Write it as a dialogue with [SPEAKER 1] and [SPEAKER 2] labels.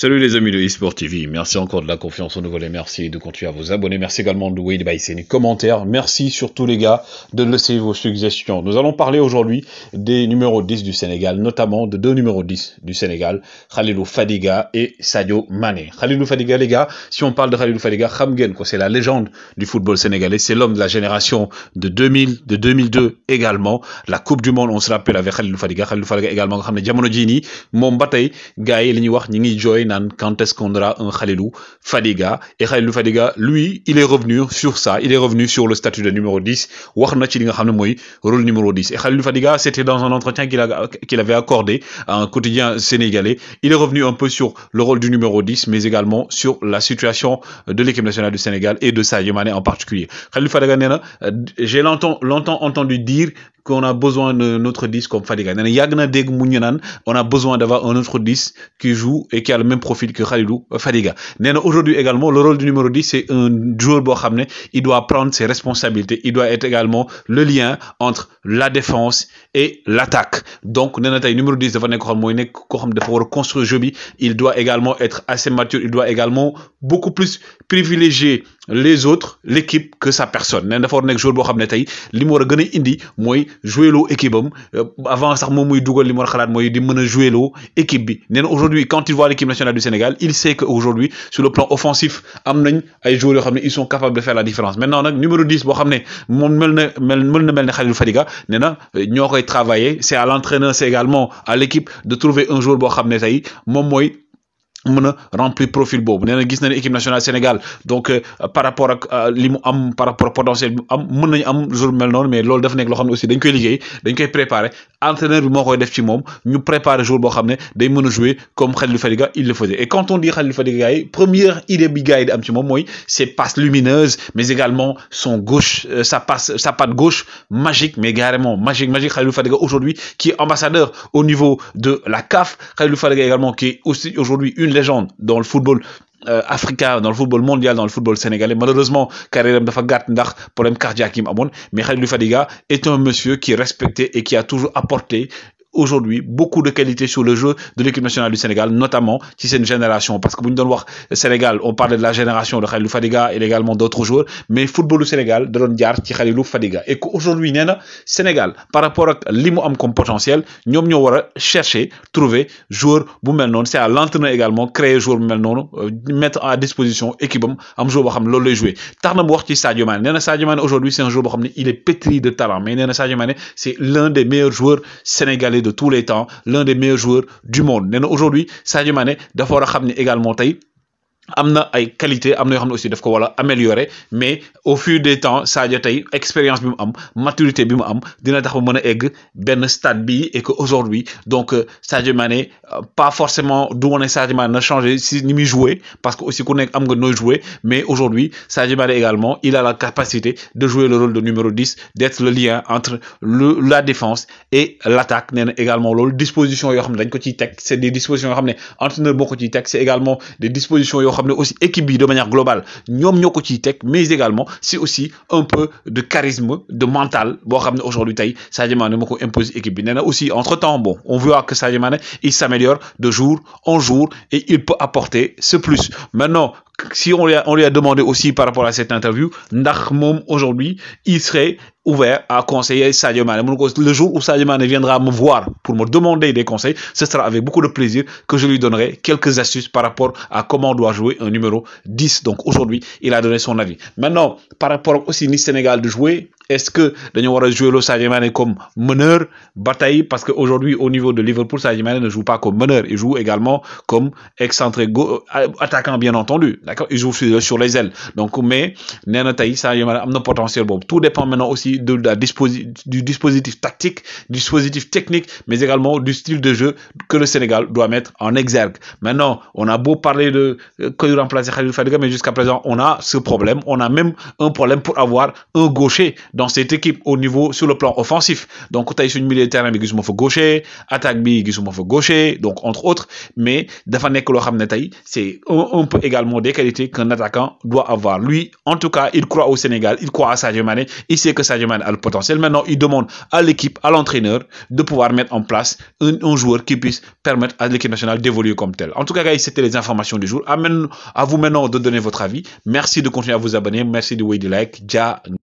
[SPEAKER 1] Salut les amis de eSport TV, merci encore de la confiance et merci de continuer à vous abonner, merci également de vous laisser les commentaires, merci surtout les gars de laisser vos suggestions. Nous allons parler aujourd'hui des numéros 10 du Sénégal, notamment de deux numéros 10 du Sénégal, Khalilou Fadiga et Sadio Mané. Khalilou Fadiga les gars, si on parle de Khalilou Fadiga, Khamgen quoi, c'est la légende du football sénégalais, c'est l'homme de la génération de 2000, de 2002 également, la Coupe du monde on se rappelle avec Khalilou Fadiga, Khalilou Fadiga également nga xam jamono Gaël Niwa, Nini quand est-ce qu'on aura un Khalilou Fadiga et Khalilou Fadiga lui il est revenu sur ça il est revenu sur le statut de numéro 10 waxna ci li rôle numéro 10 et Khalilou Fadiga c'était dans un entretien qu'il qu'il avait accordé à un quotidien sénégalais il est revenu un peu sur le rôle du numéro 10 mais également sur la situation de l'équipe nationale du Sénégal et de Sadio en particulier Khalilou Fadiga euh, j'ai longtemps longtemps entendu dire qu'on a besoin d'un autre 10 comme Fadiga. On a besoin d'avoir un autre 10 qui joue et qui a le même profil que Khalilou euh, Fadiga. Aujourd'hui également, le rôle du numéro 10, c'est un joueur Bohamne. Il doit prendre ses responsabilités. Il doit être également le lien entre la défense et l'attaque. Donc, le numéro 10 de construire Jobi. Il doit également être assez mature. Il doit également beaucoup plus privilégier les autres, l'équipe, que sa personne. Il doit être un joueur Bohamne. qu'il doit indi, jouer équipe euh, avant ça moom muy dugal li ma xalaat mooy di mën jouer l'équipe. équipe aujourd'hui quand il voit l'équipe nationale du Sénégal il sait que aujourd'hui sur le plan offensif ay joueurs ils sont capables de faire la différence maintenant le numéro 10 boo Fadiga nee euh, c'est à l'entraîneur c'est également à l'équipe de trouver un joueur boo xam ne tey moom mën rempli profil bobu nee gis na équipe nationale Sénégal donc euh, par rapport ak euh, limu am par rapport potentiel am mën nañ am jour mel mais loolu dafa nek lo aussi dañ koy liggéey dañ koy préparer entraîneur bi moo koy def ci mom ñu préparer jour bo xamné day jouer comme Khalil Fadiga il le faisait et quand on dit Khalil Fadiga première idée bi gars di am ci ses passes lumineuses mais également son gauche euh, sa passe sa patte gauche magique mais carrément magique magique Khalilou Fadiga aujourd'hui qui est ambassadeur au niveau de la CAF Khalil Fadiga également qui est aussi aujourd'hui une légende dans le football euh, africain dans le football mondial dans le football sénégalais malheureusement Karim Dafagat dafa pas ndax problème cardiaque mais Khalilou Fadiga est un monsieur qui est respecté et qui a toujours apporté aujourd'hui beaucoup de qualités sur le jeu de l'équipe nationale du Sénégal notamment si c'est une génération parce que bu Sénégal on parle de la génération de Khalilou Fadiga et également d'autres joueurs mais football du Sénégal da Sénégal qui ci Khalilou Fadiga et aujourd'hui nee Sénégal par rapport à li am comme potentiel nous ñoo chercher trouver joueur bu c'est à l'entraîneur également créer joueur bu euh, mettre à disposition équipe am joueur le jouer tax qui wax ci Sadio Mané Sadio aujourd'hui c'est un joueur il est pétri de talent mais Nena Sadio c'est l'un des meilleurs joueurs sénégalais de tous les temps l'un des meilleurs joueurs du monde aujourd'hui Sadio Mané il faut également taillé y a ay qualité il yo yoo aussi daf ko wala améliorer mais au fil des temps Sadio tay expérience une am maturité il am dina tax mu mën a egg ben stade bi et que aujourd'hui donc euh, Sadio Mané euh, pas forcément du on est Sadio Mané na changé si ni muy parce que aussi ko nek am nga no jouer mais aujourd'hui Sadio Mané également il a la capacité de jouer le rôle de numéro 10 d'être le lien entre la défense et l'attaque nee également loolu disposition yo ko c'est des dispositions yo xam entraîneur boo ci tek c'est également des dispositions aussi équipe de manière globale mais également c'est aussi un peu de charisme de mental voir xamné aujourd'hui tay Sadio Mané imposer équipe aussi entre temps bon on voit que Sadio Mané il s'améliore de jour en jour et il peut apporter ce plus maintenant si on lui, a, demandé aussi par rapport à cette interview, ndax aujourd'hui, il serait ouvert à conseiller Sadio Le jour où Sadio viendra me voir pour me demander des conseils, ce sera avec beaucoup de plaisir que je lui donnerai quelques astuces par rapport à comment on doit jouer un numéro 10. Donc aujourd'hui, il a donné son avis. Maintenant, par rapport aussi au Sénégal de jouer, est-ce que Daniel war joue jouer comme meneur Bataille, parce que aujourd'hui au niveau de Liverpool Sadio ne joue pas comme meneur il joue également comme excentré euh, attaquant bien entendu d'accord il joue sur les ailes donc mais Nana na potentiel tout dépend maintenant aussi de la du dispositif tactique dispositif technique mais également du style de jeu que le Sénégal doit mettre en exergue maintenant on a beau parler de euh, que remplacer Khalil Fadiga mais jusqu'à présent on a ce problème on a même un problème pour avoir un gaucher dans cette équipe au niveau sur le plan offensif donc tey une milieu de terrain gaucher attaque bi gaucher donc entre autres mais dafa nek lo c'est un peu également des qualités qu'un attaquant doit avoir lui en tout cas il croit au Sénégal il croit à Sadio Mané il sait que Sadio a le potentiel maintenant il demande à l'équipe à l'entraîneur de pouvoir mettre en place un, joueur qui puisse permettre à l'équipe nationale d'évoluer comme tel en tout cas gars c'était les informations du jour à, vous maintenant de donner votre avis merci de continuer à vous abonner merci de way like